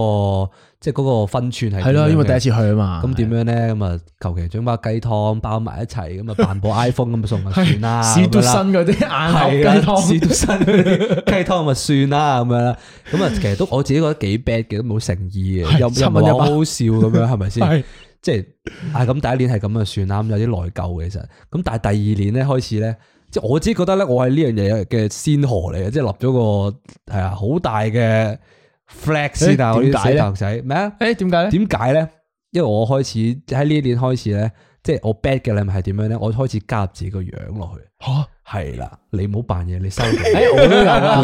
個，即係嗰個分寸係。係咯，因為第一次去啊嘛。咁點樣咧？咁啊，求其將包雞湯包埋一齊，咁啊，扮部 iPhone 咁啊，送啊算啦。士多新嗰啲眼喉雞湯，士多新嗰啲雞湯咪算啦咁樣。咁啊，其實都我自己覺得幾 bad 嘅，都冇誠意嘅，又又好好笑咁樣，係咪先？即係係咁第一年係咁啊算啦咁有啲內疚嘅其實咁但係第二年咧開始咧即係我只覺得咧我係呢樣嘢嘅先河嚟嘅即係立咗個係啊好大嘅 flex 但啊我啲死頭仔咩啊誒點解咧點解咧因為我開始喺呢一年開始咧即係我 bad 嘅禮咪係點樣咧我開始加自己個樣落去吓係啦你唔好扮嘢你收到誒、 欸、我都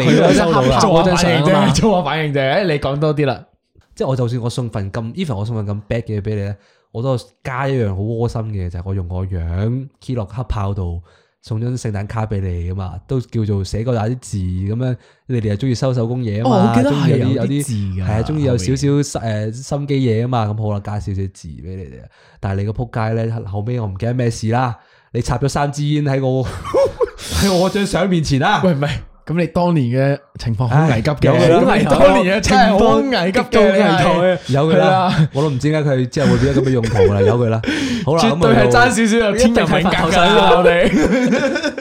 你收到啦我反應啫我,我反應啫誒你講多啲啦即係我就算我送份咁 even 我送份咁 bad 嘅嘢俾你咧。我都加一樣好窩心嘅，就係、是、我用我樣 key 落黑泡度送張聖誕卡俾你噶嘛，都叫做寫過有啲字咁樣，你哋又中意收手工嘢啊嘛，中意、哦、有啲字嘅，係啊，中意有少少誒心機嘢啊嘛，咁面、嗯、好啦，加少少字俾你哋。但係你個仆街咧，後尾我唔記得咩事啦，你插咗三支煙喺我喺 我張相面前啊！喂唔係。咁你當年嘅情況好危急嘅，有當年嘅情況係好危急嘅，有佢啦，的我都唔知點解佢之後會變咗咁嘅用途啦，有佢啦，好啦，絕對係爭少少，一定人發頭晒啦我哋，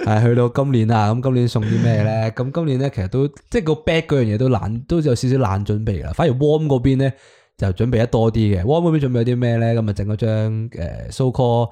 係 去到今年啊，咁今年送啲咩咧？咁今年咧其實都即係個 back 嗰樣嘢都懶，都有少少懶準備啦。反而 warm 嗰邊咧就準備得多啲嘅，warm 嗰邊準備有啲咩咧？咁啊整嗰張誒 so call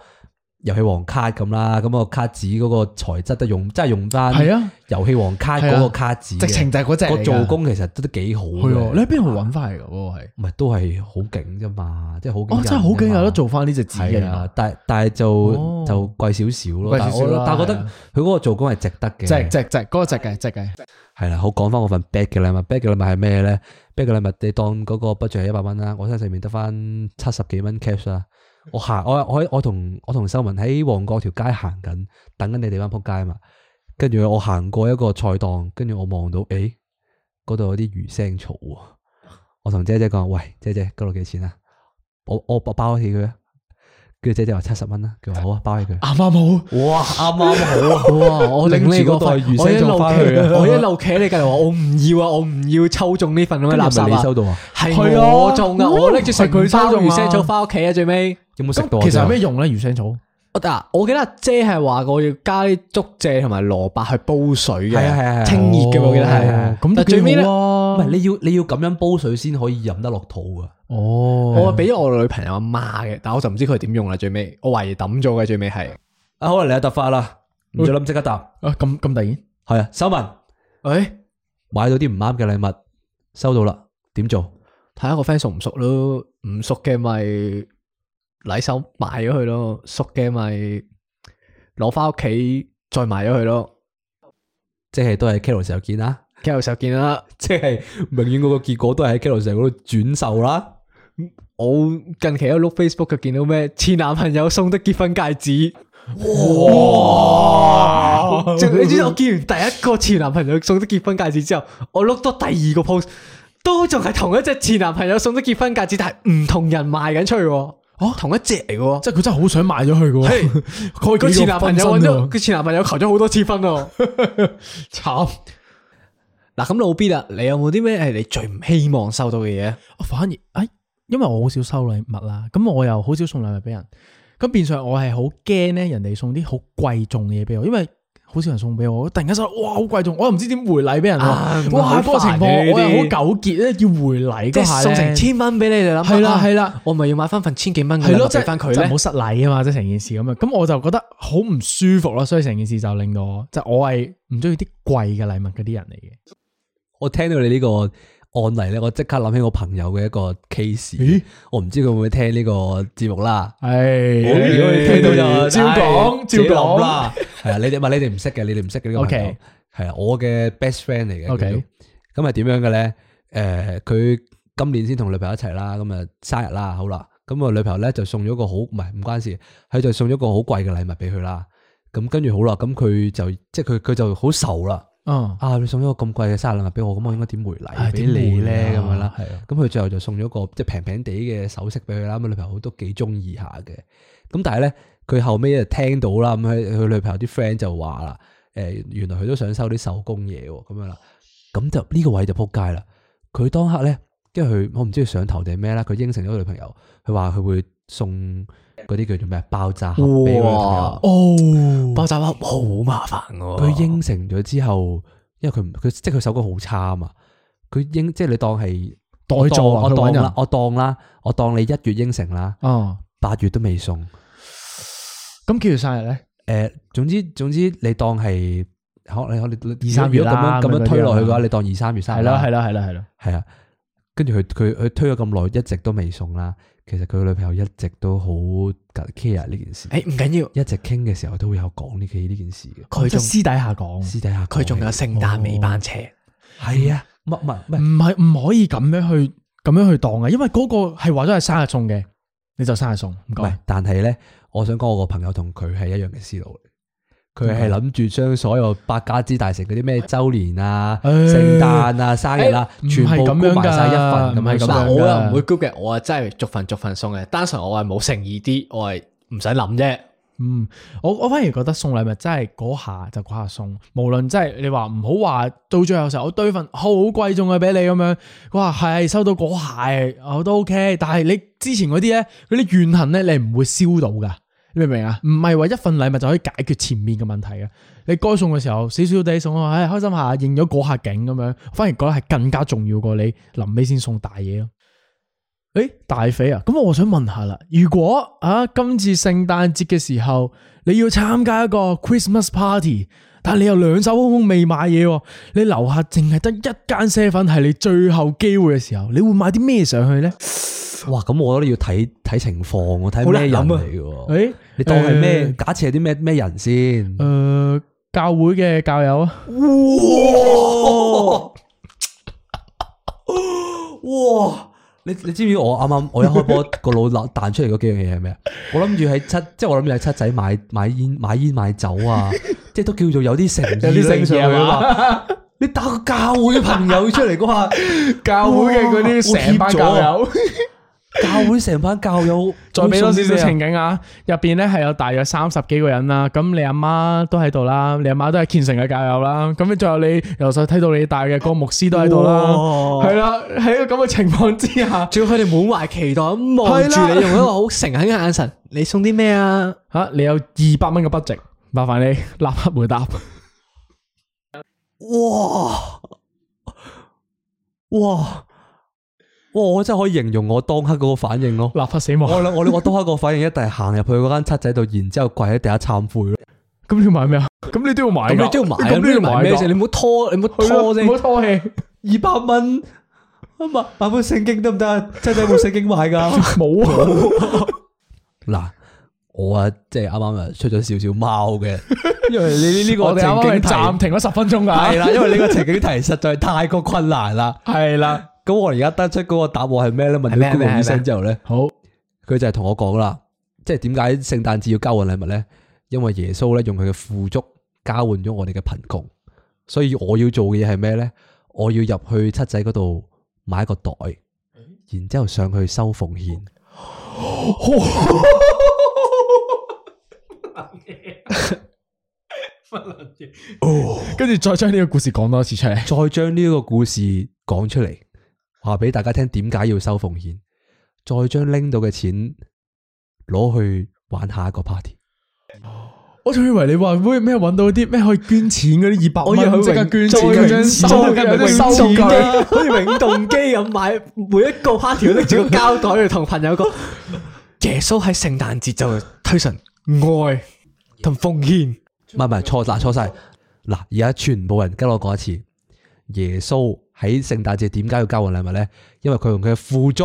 遊戲王卡咁啦，咁個卡紙嗰個材質都用，真係用翻遊戲王卡嗰個卡紙，直情就係嗰隻。個做工其實都都幾好。啊、對你喺邊度搵翻嚟噶？嗰個係，唔係都係好勁啫嘛，即係好。哦，真係好勁，有得做翻呢隻紙嘅。係但但係就就貴少少咯。貴少少啦。但係我覺得佢嗰個做工係值得嘅。即係值值，值值，嗰個值嘅，值嘅。係啦，好，講翻我份 b a g k 嘅禮物 b a g k 嘅禮物係咩咧？b a g k 嘅禮物你當嗰個 budget 係一百蚊啦，我身上面得翻七十幾蚊 cash 啦。我行，我我我同我同秀文喺旺角條街行緊，等緊你哋翻撲街啊嘛。跟住我行過一個菜檔，跟住我望到，誒、哎，嗰度有啲魚腥草喎。我同姐姐講，喂，姐姐，嗰度幾錢啊？我我包包起佢。佢姐姐話七十蚊啦，佢話好啊，包起佢，啱啱好，哇，啱啱好啊，哇，我拎住嗰袋魚腥草翻屋企，我一路企喺你隔籬話我唔要啊，我唔要抽中呢份咁嘅垃圾你收到啊，係我、中、哦、我中啊，我拎住食佢抽中魚腥草翻屋企啊，最尾有冇食到啊？其實有咩用咧魚腥草？我嗱，我記得阿姐係話我要加啲竹蔗同埋蘿蔔去煲水嘅，的清熱嘅、哦、我記得係。咁都幾好。唔係記你要你要咁樣煲水先可以飲得落肚噶。哦，的我俾咗我女朋友阿媽嘅，但我就唔知佢點用啦。最尾，我懷疑抌咗嘅最尾係、欸。啊好啦，嚟咗突發啦，唔再諗，即刻答。啊咁咁突然？係啊，修文，誒、欸，買到啲唔啱嘅禮物，收到啦，點做？睇下個 friend 熟唔熟咯、就是，唔熟嘅咪。禮手賣咗佢咯，熟嘅咪攞翻屋企再賣咗佢咯。即係都係 Kilo 時候見啦，Kilo 時候見啦。見啦，即係永遠嗰個結果都係喺 Kilo 時候嗰度轉售啦。 我近期一碌 Facebook 就見到咩前男朋友送的結婚戒指，哇，哇！你知唔知我見完第一個前男朋友送的結婚戒指之後，我碌到第二個 pose 都仲係同一隻前男朋友送的結婚戒指，但係唔同人賣緊出去喎。啊，哦，同一隻嚟嘅，即係佢真係好想賣咗佢嘅，佢嘿 前男朋友揾咗佢前男朋友求咗好多次婚啊，哦，慘 慘！嗱，咁老 B 啦，你有冇啲咩係你最唔希望收到嘅嘢？我、哦、反而，哎，因為我好少收禮物啦，咁我又好少送禮物俾人，咁變相我係好驚咧人哋送啲好貴重嘅嘢俾我，因為，好少人送俾我，突然間想，哇，好貴重，我又唔知點回禮俾人喎。哇，嗰個情況我又好糾結咧，要回禮，送成千蚊俾你哋啦。係啦係啦，我咪要買翻份千幾蚊嘅禮物俾翻佢啦，好失禮啊嘛，即成件事咁啊。咁我就覺得好唔舒服咯，所以成件事就令到我，即我係唔中意啲貴嘅禮物嗰啲人嚟嘅。我聽到你呢個案例咧，我即刻諗起我朋友嘅一個 case。咦，我唔知佢會唔會聽呢個節目啦。係，如果你聽到就照講，照講啦。係啊，你哋唔係，你哋唔識嘅，你哋唔識嘅呢個朋友係啊，Okay. 我嘅 best friend 嚟嘅。OK，咁係點樣嘅咧？誒、呃，佢今年先同女朋友一齊啦，咁啊生日啦，好啦，咁啊女朋友咧就送咗個好唔係，唔關事，佢就送咗個貴禮好貴嘅禮物俾佢啦。咁跟住好啦，咁佢就即係佢佢就好愁啦。嗯啊，你送咗個咁貴嘅生日禮物俾我，咁我應該點回禮俾你咧？咁樣啦，係啊。咁佢最後就送咗個即係平平地嘅首飾俾佢啦。咁女朋友都幾中意下嘅。咁但係咧。佢後尾就聽到啦，咁佢佢女朋友啲 friend 就話啦，誒、呃、原來佢都想收啲手工嘢喎，咁樣啦，咁就呢、這個位就仆街啦。佢當刻咧，跟住佢我唔知佢上頭定咩啦，佢應承咗佢女朋友，佢話佢會送嗰啲叫做咩爆炸盒俾我。女朋哦，爆炸盒好、哦哦、麻煩嘅、啊。佢應承咗之後，因為佢佢即係佢手工好差啊嘛，佢應即係你當係代做，我當啦，我當啦，我當你一月應承啦，啊，八月都未送。咁幾月生日咧？誒，總之總之，你當係可你可以二三月咁樣咁樣推落去嘅話，你當二三月生日係啦，係啦，係啦，係啦，係啊。跟住佢佢佢推咗咁耐，一直都未送啦。其實佢嘅女朋友一直都好夾 care 呢件事。誒，唔緊要，一直傾嘅時候都會有講呢企呢件事嘅。佢仲私底下講，私底下佢仲有聖誕尾班車。係啊，唔唔唔係唔可以咁樣去咁樣去當嘅，因為嗰個係話咗係生日送嘅，你就生日送唔該。但係咧。我想講我個朋友同佢係一樣嘅思路，佢係諗住將所有百家之大成嗰啲咩周年啊、聖誕、哎、啊、生日啊，哎、樣全部 group 埋晒一份咁係咁樣我。我唔會 group 嘅，我啊真係逐份逐份送嘅。單純我係冇誠意啲，我係唔使諗啫。嗯，我我反而覺得送禮物真係嗰下就嗰下送，無論真係你話唔好話到最後時候我堆份好貴重嘅俾你咁樣，佢話係收到嗰下我都 OK，但係你之前嗰啲咧，嗰啲怨恨咧，你唔會消到噶。你明唔明啊？唔係話一份禮物就可以解決前面嘅問題啊。你該送嘅時候，少少地送，唉、哎，開心下，應咗嗰下景咁樣，反而覺得係更加重要過你臨尾先送大嘢咯。誒、欸，大肥啊，咁我想問下啦，如果啊今次聖誕節嘅時候，你要參加一個 Christmas party？但你又兩手空空未買嘢喎、哦，你樓下淨係得一間 seven 係你最後機會嘅時候，你會買啲咩上去咧？哇！咁我都要睇睇情況，我睇咩人嚟嘅誒、啊，欸、你當係咩？呃、假設係啲咩咩人先？誒、呃，教會嘅教友啊！哇！哇， 哇！你你知唔知我啱啱我一開波 個腦諗彈出嚟嗰幾樣嘢係咩啊？我諗住喺七，即、就、係、是、我諗住喺七仔買買煙、買煙、買酒啊！ 即係都叫做有啲誠意啦，你打個教會嘅朋友出嚟嗰下，教會嘅嗰啲成班教友，教會成班教友，再俾多啲小情景啊！入邊咧係有大約三十幾個人啦，咁你阿媽都喺度啦，你阿媽都係虔誠嘅教友啦，咁樣最後你由細睇到你大嘅個牧師都喺度啦，係啦，喺一個咁嘅情況之下，仲要佢哋滿懷期待，望住你用一個好誠懇嘅眼神，你送啲咩啊？吓，你有二百蚊嘅 budget。麻煩你立刻回答。哇哇哇！我真係可以形容我當刻嗰個反應咯。立刻死亡。我諗我當刻個反應一定係行入去嗰間七仔度，然之後跪喺地下懺悔咯。咁 你買咩啊？咁你都要買噶？你都要買？咁你要買咩先？你唔好拖，你唔好拖先。唔好啦你拖氣。二百蚊啊百本聖經得唔得？七仔部聖經買噶？冇 啊。嗱。 我啊，即係啱啱啊，出咗少少貓嘅，因為你呢個情景暫停咗十分鐘噶，係啦，因為呢個情景題實在太過困難啦，係啦。咁 我而家得出嗰個答案係咩咧？問咗嗰個醫生之後咧，好，佢就係同我講啦，即係點解聖誕節要交換禮物咧？因為耶穌咧用佢嘅富足交換咗我哋嘅貧窮，所以我要做嘅嘢係咩咧？我要入去七仔嗰度買一個袋，然之後上去收奉獻。 跟住 再將呢個故事講多次出嚟，再將呢個故事講出嚟，話俾大家聽點解要收奉獻，再將拎到嘅錢攞去玩下一個 party。 我仲以為你話，會咩搵到啲咩可以捐錢嗰啲二百蚊，我即係捐錢，捐永錢，收金，收金，好似永動機咁 買每一個 party 拎住個膠袋去同朋友講， 耶穌喺聖誕節就推信。.愛同奉獻，唔係唔係錯嗱，錯晒嗱，而家全部人跟我講一次，耶穌喺聖誕節點解要交換禮物咧？因為佢用佢嘅富足，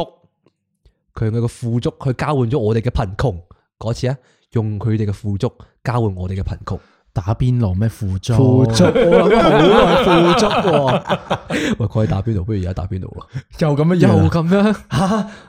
佢用佢嘅富足去交換咗我哋嘅貧窮嗰次啊！用佢哋嘅富足交換我哋嘅貧窮，打邊爐咩？富足，富足，好啊！富足，喂，佢喺打邊爐，不如而家打邊爐咯，又咁樣，又咁樣，吓。